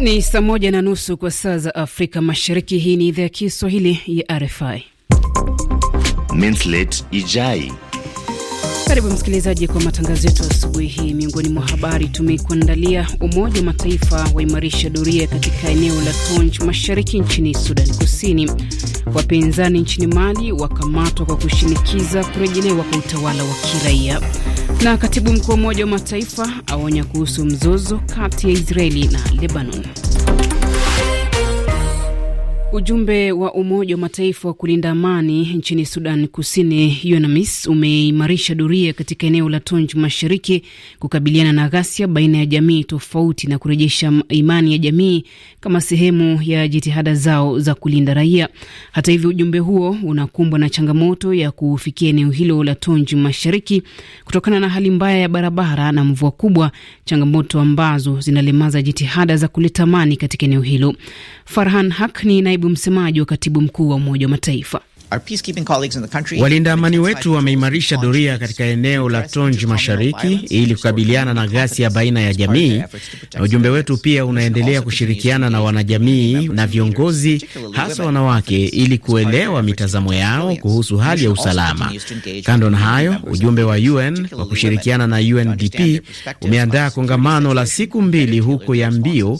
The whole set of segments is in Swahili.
Ni saa moja na nusu kwa saa za Afrika Mashariki. Hii ni idhaa ya Kiswahili ya RFI. Mintlet Ijai. Karibu msikilizaji kwa matangazo yetu asubuhi hii. Miongoni mwa habari tumekuandalia: Umoja wa Mataifa waimarisha doria katika eneo la Tonj mashariki nchini sudani Kusini. Wapinzani nchini Mali wakamatwa kwa kushinikiza kurejelewa kwa utawala wa kiraia na katibu mkuu wa Umoja wa Mataifa aonya kuhusu mzozo kati ya Israeli na Lebanon. Ujumbe wa Umoja wa Mataifa wa kulinda amani nchini Sudan Kusini, UNAMIS, umeimarisha doria katika eneo la Tonj Mashariki kukabiliana na ghasia baina ya jamii tofauti na kurejesha imani ya jamii kama sehemu ya jitihada zao za kulinda raia. Hata hivyo, ujumbe huo unakumbwa na changamoto ya kufikia eneo hilo la Tonj Mashariki kutokana na hali mbaya ya barabara na mvua kubwa, changamoto ambazo zinalemaza jitihada za kuleta amani katika eneo hilo. Farhan Hak ni naibu msemaji wa katibu mkuu wa Umoja wa Mataifa. Walinda amani wetu wameimarisha doria katika eneo la Tonj mashariki ili kukabiliana na ghasia baina ya jamii, na ujumbe wetu pia unaendelea kushirikiana na wanajamii na viongozi, hasa wanawake, ili kuelewa mitazamo yao kuhusu hali ya usalama. Kando na hayo, ujumbe wa UN wa kushirikiana na UNDP umeandaa kongamano la siku mbili huko Yambio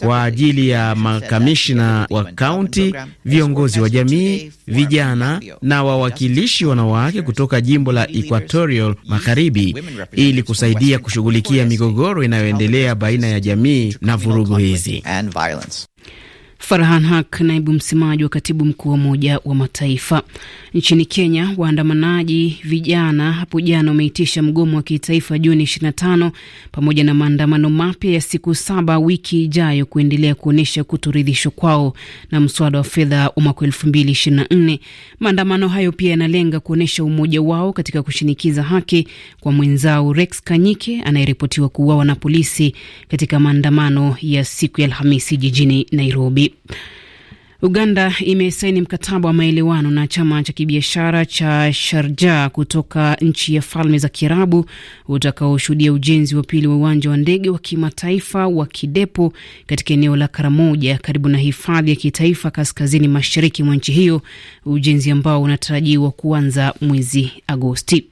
kwa ajili ya makamishna wa kaunti, viongozi wa jamii, vijana na wawakilishi wanawake kutoka jimbo la Equatorial Magharibi ili kusaidia kushughulikia migogoro inayoendelea baina ya jamii na vurugu hizi. Farhan Hak, naibu msemaji wa katibu mkuu wa Umoja wa Mataifa. Nchini Kenya, waandamanaji vijana hapo jana wameitisha mgomo wa kitaifa Juni 25 pamoja na maandamano mapya ya siku saba wiki ijayo kuendelea kuonyesha kutoridhishwa kwao na mswada wa fedha wa mwaka 2024. Maandamano hayo pia yanalenga kuonyesha umoja wao katika kushinikiza haki kwa mwenzao Rex Kanyike anayeripotiwa kuuawa na polisi katika maandamano ya siku ya Alhamisi jijini Nairobi. Uganda imesaini mkataba wa maelewano na chama cha kibiashara cha sharja kutoka nchi ya Falme za Kiarabu utakaoshuhudia ujenzi wa pili wa uwanja wa ndege wa kimataifa wa Kidepo katika eneo la Karamoja karibu na hifadhi ya kitaifa kaskazini mashariki mwa nchi hiyo, ujenzi ambao unatarajiwa kuanza mwezi Agosti.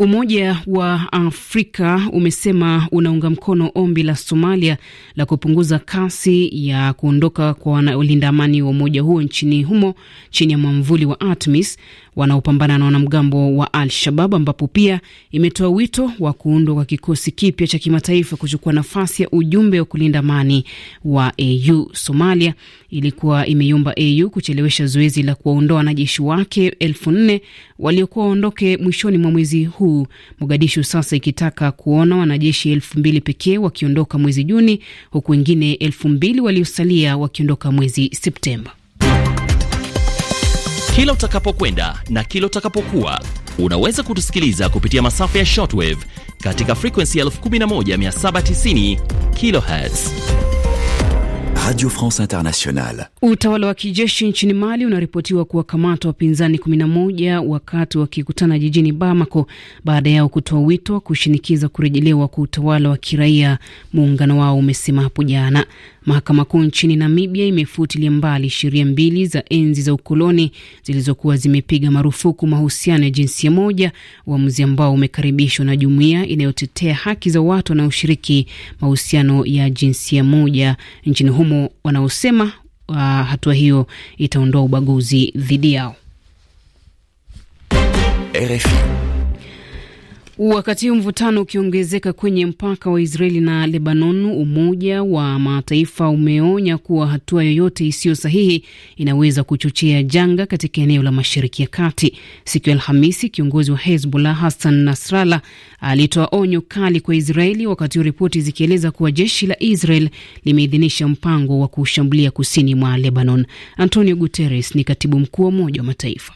Umoja wa Afrika umesema unaunga mkono ombi la Somalia la kupunguza kasi ya kuondoka kwa walinda amani wa umoja huo nchini humo chini ya mwamvuli wa ATMIS wanaopambana na wanamgambo wa Al Shabab, ambapo pia imetoa wito wa kuundwa kwa kikosi kipya cha kimataifa kuchukua nafasi ya ujumbe wa kulinda amani wa AU. Somalia ilikuwa imeiomba AU kuchelewesha zoezi la kuwaondoa wanajeshi wake elfu nne waliokuwa waondoke mwishoni mwa mwezi huu mkuu, Mogadishu sasa ikitaka kuona wanajeshi elfu mbili pekee wakiondoka mwezi Juni, huku wengine elfu mbili waliosalia wakiondoka mwezi Septemba. Kila utakapokwenda na kila utakapokuwa unaweza kutusikiliza kupitia masafa ya shortwave katika frekwensi ya 11790 kilohertz. Radio France Internationale. Utawala wa kijeshi nchini Mali unaripotiwa kuwakamata wapinzani 11 wakati wakikutana jijini Bamako baada yao kutoa wito kushinikiza kurejelewa kwa utawala wa kiraia, muungano wao umesema hapo jana. Mahakama Kuu nchini Namibia imefutilia mbali sheria mbili za enzi za ukoloni zilizokuwa zimepiga marufuku mahusiano ya jinsia moja, uamuzi ambao umekaribishwa na jumuiya inayotetea haki za watu wanaoshiriki mahusiano ya jinsia moja nchini humo, wanaosema uh, hatua hiyo itaondoa ubaguzi dhidi yao. RFI. Wakati huu mvutano ukiongezeka kwenye mpaka wa Israeli na Lebanon, Umoja wa Mataifa umeonya kuwa hatua yoyote isiyo sahihi inaweza kuchochea janga katika eneo la Mashariki ya Kati. Siku ya Alhamisi, kiongozi wa Hezbollah Hassan nasrala alitoa onyo kali kwa Israeli, wakati huu ripoti zikieleza kuwa jeshi la Israel limeidhinisha mpango wa kushambulia kusini mwa Lebanon. Antonio Guterres ni katibu mkuu wa Umoja wa Mataifa.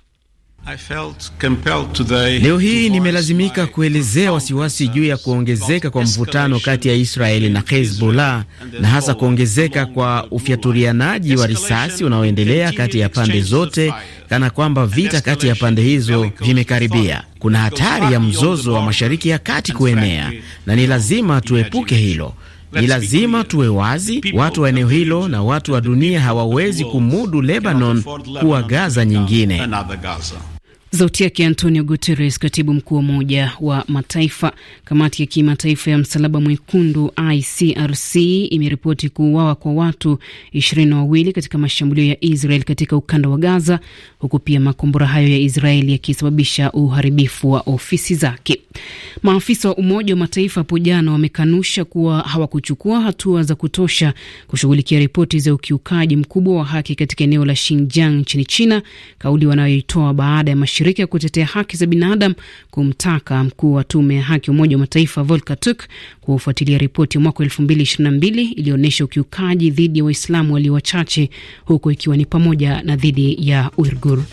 Leo hii nimelazimika kuelezea wasiwasi juu ya kuongezeka kwa mvutano kati ya Israeli na Hezbollah na hasa kuongezeka kwa ufyaturianaji wa risasi unaoendelea kati ya pande zote kana kwamba vita kati ya pande hizo vimekaribia. Kuna hatari ya mzozo wa Mashariki ya Kati kuenea na ni lazima tuepuke hilo. Ni lazima tuwe wazi. Watu wa eneo hilo na watu wa dunia hawawezi kumudu Lebanon kuwa Gaza nyingine. Sauti yake Antonio Guterres, katibu mkuu wa Umoja wa Mataifa. Kamati ya Kimataifa ya Msalaba Mwekundu ICRC imeripoti kuuawa kwa watu ishirini na wawili katika mashambulio ya Israel katika ukanda wa Gaza, huku pia makombora hayo ya Israel yakisababisha uharibifu wa ofisi zake. Maafisa wa Umoja wa Mataifa hapo jana wamekanusha kuwa hawakuchukua hatua za kutosha kushughulikia ripoti za ukiukaji mkubwa wa haki katika eneo la Xinjiang nchini China, kauli wanayoitoa baada ya mashirika ya kutetea haki za binadamu kumtaka mkuu wa tume ya haki Umoja wa Mataifa Volker Turk kufuatilia ripoti ya mwaka 2022 iliyoonyesha ukiukaji dhidi ya Waislamu walio wachache huku ikiwa ni pamoja na dhidi ya Uighur.